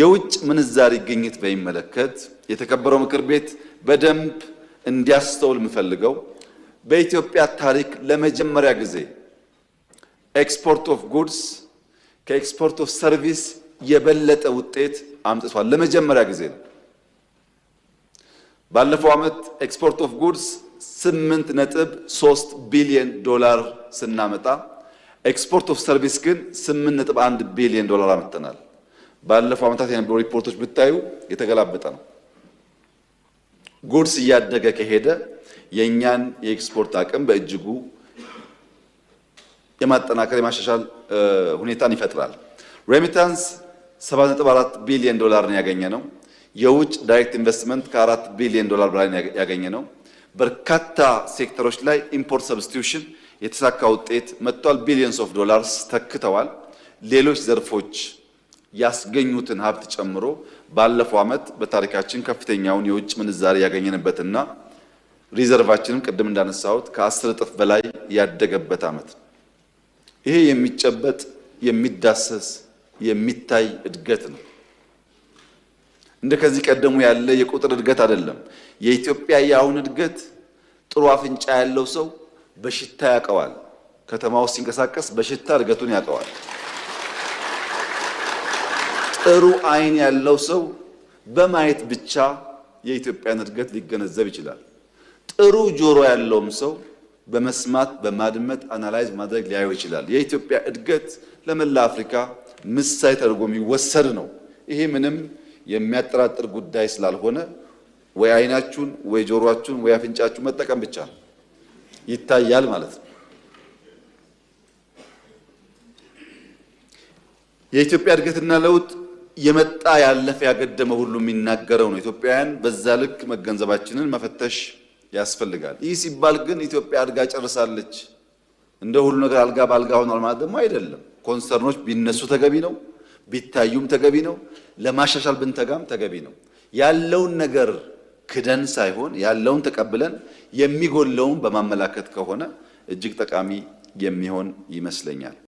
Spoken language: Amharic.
የውጭ ምንዛሪ ግኝት በሚመለከት የተከበረው ምክር ቤት በደንብ እንዲያስተውል የምፈልገው በኢትዮጵያ ታሪክ ለመጀመሪያ ጊዜ ኤክስፖርት ኦፍ ጉድስ ከኤክስፖርት ኦፍ ሰርቪስ የበለጠ ውጤት አምጥቷል። ለመጀመሪያ ጊዜ ነው። ባለፈው ዓመት ኤክስፖርት ኦፍ ጉድስ ስምንት ነጥብ ሶስት ቢሊየን ዶላር ስናመጣ ኤክስፖርት ኦፍ ሰርቪስ ግን ስምንት ነጥብ አንድ ቢሊየን ዶላር አምጥተናል። ባለፈው ዓመታት የነበሩ ሪፖርቶች ብታዩ የተገላበጠ ነው። ጉድስ እያደገ ከሄደ የእኛን የኤክስፖርት አቅም በእጅጉ የማጠናከር የማሻሻል ሁኔታን ይፈጥራል። ሬሚታንስ 7.4 ቢሊዮን ዶላር ነው ያገኘ ነው። የውጭ ዳይሬክት ኢንቨስትመንት ከ4 ቢሊዮን ዶላር በላይ ያገኘ ነው። በርካታ ሴክተሮች ላይ ኢምፖርት ሰብስቲዩሽን የተሳካ ውጤት መጥቷል። ቢሊዮንስ ኦፍ ዶላርስ ተክተዋል። ሌሎች ዘርፎች ያስገኙትን ሀብት ጨምሮ ባለፈው ዓመት በታሪካችን ከፍተኛውን የውጭ ምንዛሪ ያገኘንበትና ሪዘርቫችንም ቅድም እንዳነሳሁት ከአስር እጥፍ በላይ ያደገበት ዓመት ነው። ይሄ የሚጨበጥ የሚዳሰስ የሚታይ እድገት ነው። እንደ ከዚህ ቀደሙ ያለ የቁጥር እድገት አይደለም። የኢትዮጵያ የአሁን እድገት ጥሩ አፍንጫ ያለው ሰው በሽታ ያውቀዋል። ከተማ ውስጥ ሲንቀሳቀስ በሽታ እድገቱን ያውቀዋል። ጥሩ አይን ያለው ሰው በማየት ብቻ የኢትዮጵያን እድገት ሊገነዘብ ይችላል። ጥሩ ጆሮ ያለውም ሰው በመስማት በማድመጥ አናላይዝ ማድረግ ሊያየው ይችላል። የኢትዮጵያ እድገት ለመላ አፍሪካ ምሳሌ ተደርጎ የሚወሰድ ነው። ይሄ ምንም የሚያጠራጥር ጉዳይ ስላልሆነ ወይ አይናችሁን ወይ ጆሮአችሁን ወይ አፍንጫችሁን መጠቀም ብቻ ይታያል ማለት ነው። የኢትዮጵያ እድገትና ለውጥ የመጣ ያለፈ ያገደመ ሁሉ የሚናገረው ነው። ኢትዮጵያውያን በዛ ልክ መገንዘባችንን መፈተሽ ያስፈልጋል። ይህ ሲባል ግን ኢትዮጵያ አድጋ ጨርሳለች እንደ ሁሉ ነገር አልጋ በአልጋ ሆኗል ማለት ደግሞ አይደለም። ኮንሰርኖች ቢነሱ ተገቢ ነው፣ ቢታዩም ተገቢ ነው፣ ለማሻሻል ብንተጋም ተገቢ ነው። ያለውን ነገር ክደን ሳይሆን ያለውን ተቀብለን የሚጎለውን በማመላከት ከሆነ እጅግ ጠቃሚ የሚሆን ይመስለኛል።